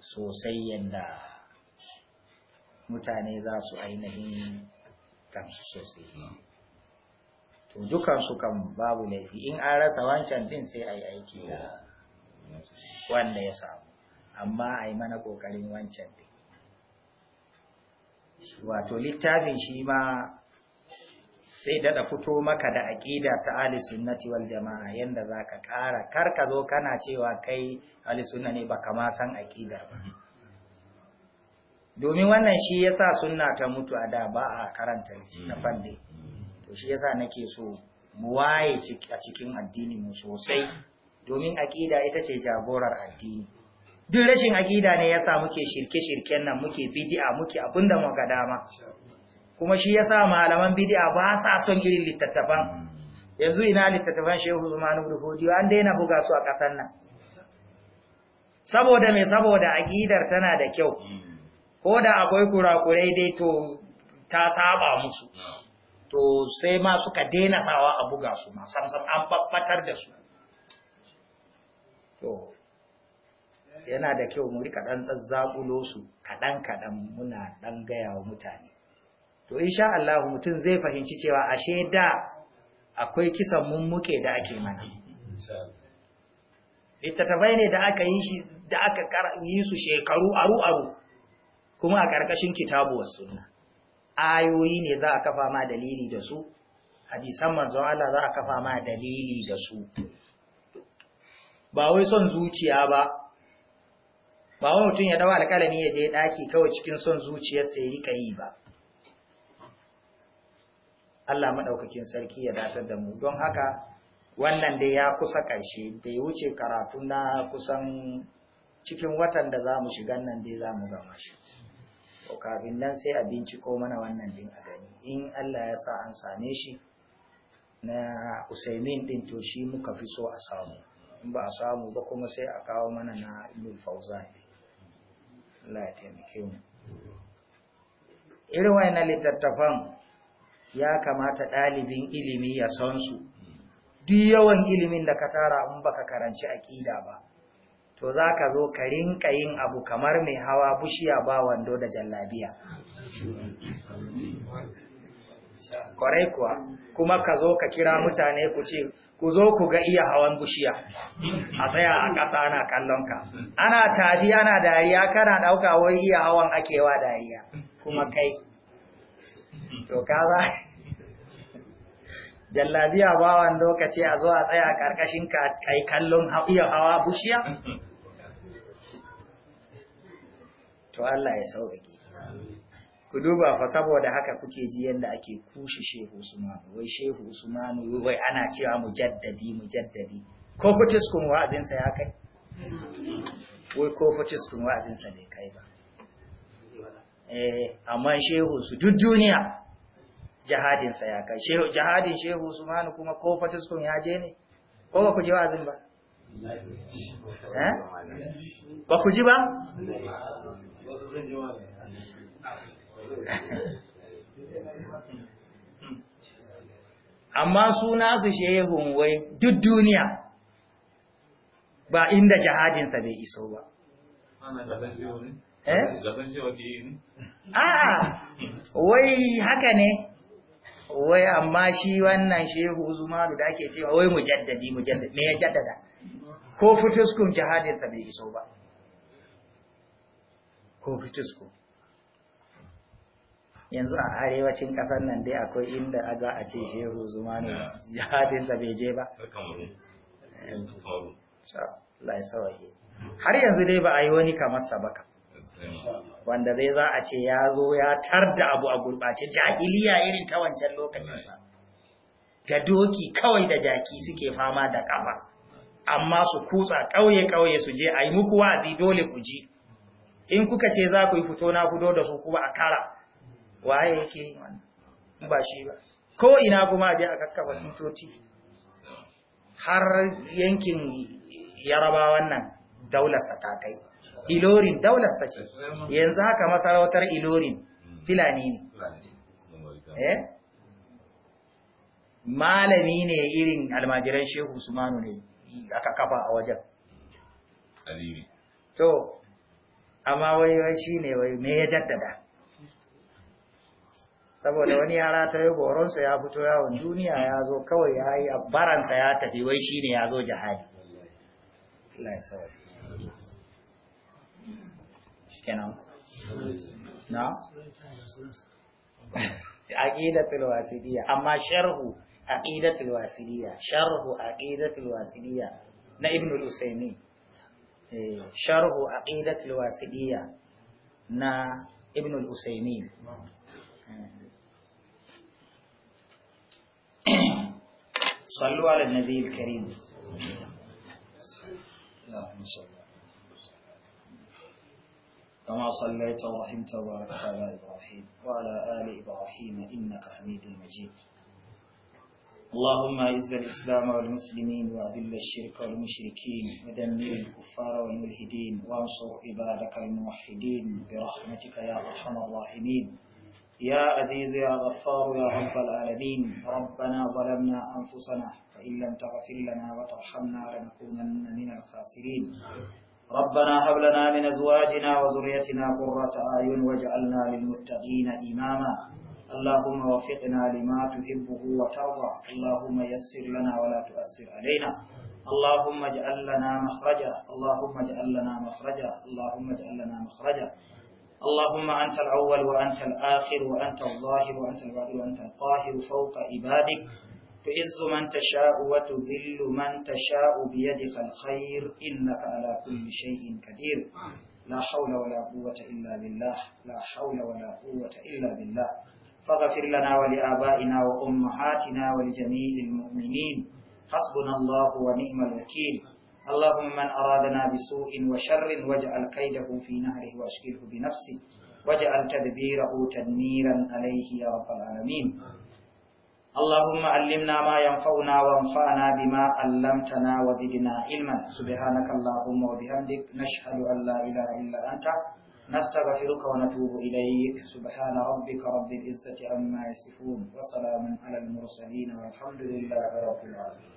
sosai yadda mutane za su ainihin kansu sosai to dukansu kan babu laifi in an rasa wancan din sai a aiki da wanda ya samu amma ai mana ƙoƙarin wancan din wato littafin shi ma sai daɗa fito maka da aƙida ta Ali sunnati wal jama'a yanda zaka ƙara kar ka zo kana cewa kai Ali sunna ne baka ma san aƙidar ba mm-hmm. domin wannan shi ya sa sunna ta mutu a da ba a karanta na fande to shi ya sa nake so mu waye a cikin addini mu sosai domin aƙida ita ce jagorar addini duk rashin aƙida ne ya sa muke shirke-shirken nan muke bidi'a muke abinda mu ga dama kuma shi ya sa malaman bidi'a ba sa son irin littattafan yanzu ina littattafan Shehu Usman ibn an daina buga su a kasar nan saboda me saboda aƙidar tana da kyau ko da akwai kurakurai dai to ta saba musu to sai ma suka daina sawa a buga su ma samsam an babbatar da su to yana da kyau mu rika dan tsazzabulo su kadan kadan muna dan gaya wa mutane to insha Allah mutum zai fahimci cewa ashe da akwai kisan mummuke da ake mana littattafai ne da aka yi shi da aka yi su shekaru aru aru kuma a ƙarƙashin kitabu wa suna, ayoyi ne za a kafa ma dalili da su hadisan manzon Allah za a kafa ma dalili da su ba wai son zuciya ba ba wani mutum ya dawa alƙalami ya je ɗaki kawai cikin son zuciyar sai rika yi ba Allah maɗaukakin sarki ya datar da mu don haka wannan dai ya kusa ƙarshe da ya wuce karatu na kusan cikin watan da za mu shigan nan dai za mu gama shi to kafin nan sai a binciko mana wannan din a gani in Allah ya sa an same shi na usaimin din to shi muka fi so a samu in ba a samu ba kuma sai a kawo mana na ibn fauzan Allah ya taimake mu irin wayannan littattafan ya kamata ɗalibin ilimi ya san su duk yawan ilimin da ka tara in baka karanci aƙida ba to za ka zo ka rinka yin abu kamar mai hawa bushiya ba wando da jallabiya kwarai kuwa kuma ka zo ka kira mutane ku ce ku zo ku ga iya hawan bushiya a tsaya a ƙasa ana kallonka ana tafi ana dariya kana ɗauka wai iya hawan akewa dariya kuma kai to kaza jallabiya ba ka lokaci a zo a tsaya ƙarƙashin ka kai kallon iya hawa bushiya to Allah ya sauƙaƙe ku duba fa saboda haka kuke ji yadda ake kushe shehu usmanu wai shehu usmanu wai ana cewa mu jaddadi mu jaddadi. ko kun wa'azinsa ya kai wai ko kun wa'azinsa bai kai ba eh amma shehu su duk duniya jihadinsa ya kai shehu jihadin shehu usmanu kuma ko kun ya je ne ko ba ku ji wa'azin ba eh? ba ku ji ba amma suna su shehun wai duk duniya ba inda jihadinsa bai iso ba eh a'a wai haka ne wai amma shi wannan shehu zuma da ake cewa wai mujaddadi mujaddadi me ya jaddada ko fituskun jihadinsa bai iso ba ko ko yanzu a arewacin ƙasar nan dai akwai inda za a ce shehu zuma zumanu jihadinsa bai je ba eh. har yanzu dai ba a yi wani kamar sabaka wanda zai za a ce ya zo ya tar da abu a gurɓace jahiliya irin ta wancan lokacin ba ga doki kawai da jaki suke fama da ƙafa amma su kutsa ƙauye-ƙauye su je a yi muku wa'azi dole ku ji in kuka ce za ku yi fito na fito da su kuma a kara waye yake yin wannan ba shi ba ko ina kuma je a kakkafa har yankin yarabawan nan daularsa ta kai ilorin daularsa ce yanzu haka masarautar ilorin filani ne eh malami ne irin almajiran shehu usmanu ne aka kafa a wajen to amma wai wai shi ne wai me ya jaddada saboda wani yara ta yi goronsa ya fito yawon duniya ya zo kawai ya yi abbaransa ya tafi wai shi ne ya zo jihadi kenan na? aqidatul amma sharhu aqidatul wasidiyya sharhu aqidatul wasidiyya na ibn al-usaymin شرح عقيدة الواسدية نا ابن الأسيمين صلوا على النبي الكريم اللهم صل كما صليت ورحمت وبارك على ابراهيم وعلى ال ابراهيم انك حميد مجيد اللهم اعز الاسلام والمسلمين واذل الشرك والمشركين ودمر الكفار والملحدين وانصر عبادك الموحدين برحمتك يا ارحم الراحمين يا عزيز يا غفار يا رب العالمين ربنا ظلمنا انفسنا فان لم تغفر لنا وترحمنا لنكونن من الخاسرين ربنا هب لنا من ازواجنا وذريتنا قرة اعين واجعلنا للمتقين اماما اللهم وفقنا لما تحبه وترضى اللهم يسر لنا ولا تؤثر علينا اللهم اجعل لنا مخرجا اللهم اجعل لنا مخرجا اللهم اجعل لنا مخرجا اللهم أنت الأول وأنت الآخر وأنت الظاهر وأنت الباطن وأنت القاهر فوق عبادك تعز من تشاء وتذل من تشاء بيدك الخير إنك على كل شيء قدير لا حول ولا قوة إلا بالله لا حول ولا قوة إلا بالله فاغفر لنا ولآبائنا وأمهاتنا ولجميع المؤمنين حسبنا الله ونعم الوكيل اللهم من أرادنا بسوء وشر واجعل كيده في نهره واشغله بنفسه واجعل تدبيره تدميرا عليه يا رب العالمين اللهم علمنا ما ينفعنا وانفعنا بما علمتنا وزدنا علما سبحانك اللهم وبحمدك نشهد أن لا إله إلا أنت نستغفرك ونتوب إليك سبحان ربك رب العزة عما يصفون وسلام على المرسلين والحمد لله رب العالمين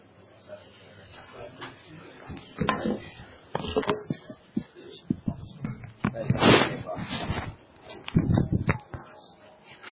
Thank you.